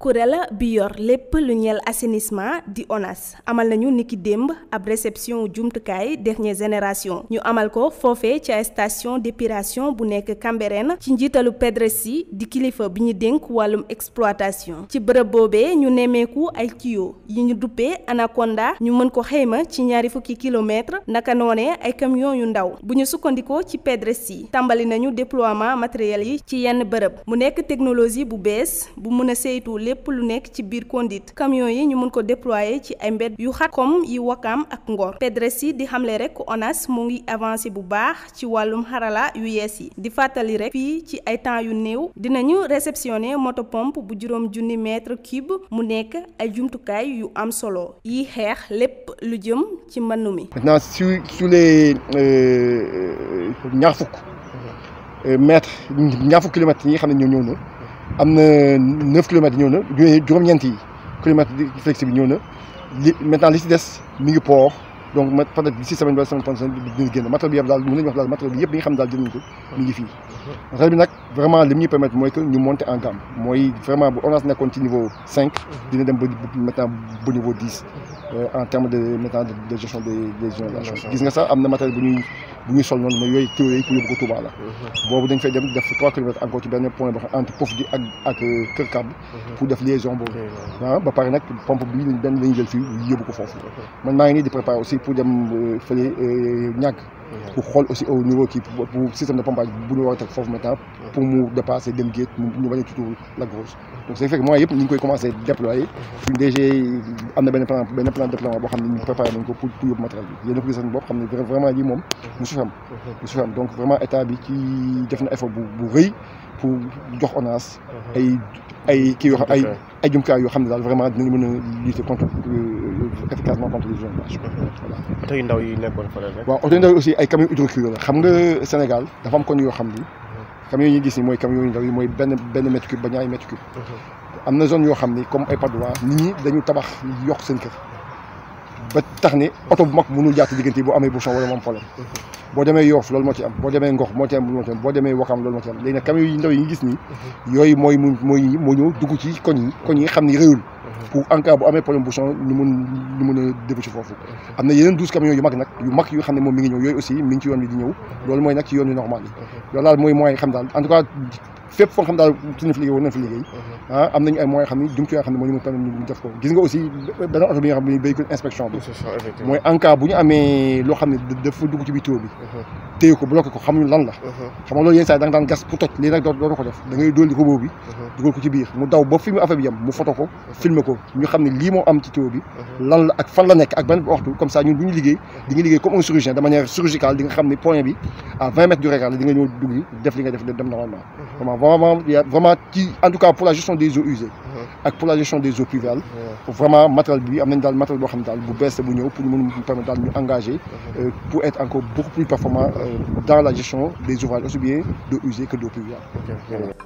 kuréel bi yor lépp lu ñeel assainissement di ONAS amal nañu niki démb ab réception jumtukaay dernière génération ñu amal ko foofee ca station d'épuration bu nekk Cambérène ci njiitalu PEDRESI di kilifa bi ñu dénk wàllum exploitation ci bërëb boobee ñu nemmeeku ay tuyaux yi ñu duppee anaconda ñu mën ko xayma ci ñaari fukki kilomètres naka noonee ay camions yu ndaw bu ñu sukkandikoo ci PEDRESI tàmbali nañu déploiement matériel yi ci yenn bërëb mu nekk technologie lépp lu nekk ci biir Condit camion yi ñu mën ko déployer ci ay mbedd yu xat comme yi Wakaam ak Ngor Pedres yi di xamle rek ONAS mu ngi avancé bu baax ci wàllum xarala yu yees yi di fàttali rek fii ci ay temps yu néew dinañu réceptionné moto pompe bu juróom junni mètre cube mu nekk ay jumtukaay yu am solo yi xeex lépp lu jëm ci mbënn mi. maintenant su su les euh, ñaar fukk euh, mètres ñaar fukk kilomètres yi xam ne ñoo ñëw na. am na neuf kilomètres ñëw na juróom-ñeent yi kilomètres flexible ñëw na li maintenant li si des mi ngi port donc ma peut-être si semaine wala semaine prochaine dina génn matériel bi yëpp daal mën nañu wax daal matériel bi yëpp li nga xam daal jënd nañu ko mi ngi fii matériel bi nag vraiment li mu ñuy permettre mooy que ñu monter en gamme mooy vraiment bu ONAS nekkoon ci niveau cinq dina dem ba maintenant ba niveau dix Euh, en terme de maintenant de gestion des am na matériel bu ñuy bu ñuy sol noonu mais yooyu mhm. boobu dañ fay dem def trois kilomètres encore ci benn point boo xam entre Pofdi ak ak euh, Kër Kab mhm. def liaison boobu ah, ba pare nag pompe bi benn la ñu jël fii yóbbu ko foofu man maa ngi nii di préparer aussi pour dem euh, fële ñàkk pour xool aussi au niveau kii pour système de pompage bu ñu war foofu maintenant pour mu dépasser dem géej ñu bañ a tutu la grosse donc ce qui fait yëpp ñu koy commencé déployer suñu DG am na benn pour pour yóbbu bi yéen a ko gis xam ne vraiment lii moom musu fi am musu fi am donc vraiment état bi def na effort bu rëy pour jox ONAS ay ay yoo xam ne daal vraiment dinañ mën contre euh, efficacement contre les jeunes vaches. oto yu ndaw yi nekkoon fa rek. waaw oto yu ndaw yi aussi ay camion hydrocureur la xam nga Sénégal dafa am kon yoo xam ni camion yi ñuy gis ni mooy camion yu ndaw yi mooy benn benn mètre cube ba ñaari mètre cube mhm. am na zone yoo xam ni comme ay padois nit ñi dañu tabax yokk seen kër ba tax ni oto bu mag mënul jaar ci diggante boo amee bouchon wala mu am problème boo demee Yoff loolu moo ci am boo demee Ngox moo ci am moo ci am boo demee Wakaam loolu moo ci am léegi mooy mu mooy moo ñëw dugg ci koñ yi koñ yi xam na yeneen yu mag nag yu mag yu xam ne moom mi ngi ñëw yooyu aussi mi ngi ci yoon bi di ñëw loolu mooy nag ci yoon yu normal yi loolu daal mooy moyen xam daal fépp foo xam daal fi liggéey mhm. ah, am nañu ñu mën permettre ñu def ko gis mooy en bu ñu amee loo xam ne dafa dugg ci biir tuyau mhm. ko bloqué ko lan la mhm. xam nga loolu yenn saa yi gas pour toj nag doo def da ngay dóol bi dugal biir mu daw ba fi mu mu photo ko filmer ko ñu xam ne lii am ci tuyau lan la ak fan la nekk ak ban waxtu comme ça ñun bu liggéey di liggéey comme un chirurgien de manière chirurgicale di xam ne point bi vraiment vraiment ci en tout cas pour la gestion des eaux usées. Mhm. ak pour la gestion des eaux pluviales. vraiment matériel bi am nañ daal matériel boo xam ne daal bu bees bu ñëw pour ñu mën a permettre daal ñu engagé. Mhm. Euh, pour être encore beaucoup plus performant euh, dans la gestion des ouvrages aussi bien d'eaux usées que d'eaux pluviales.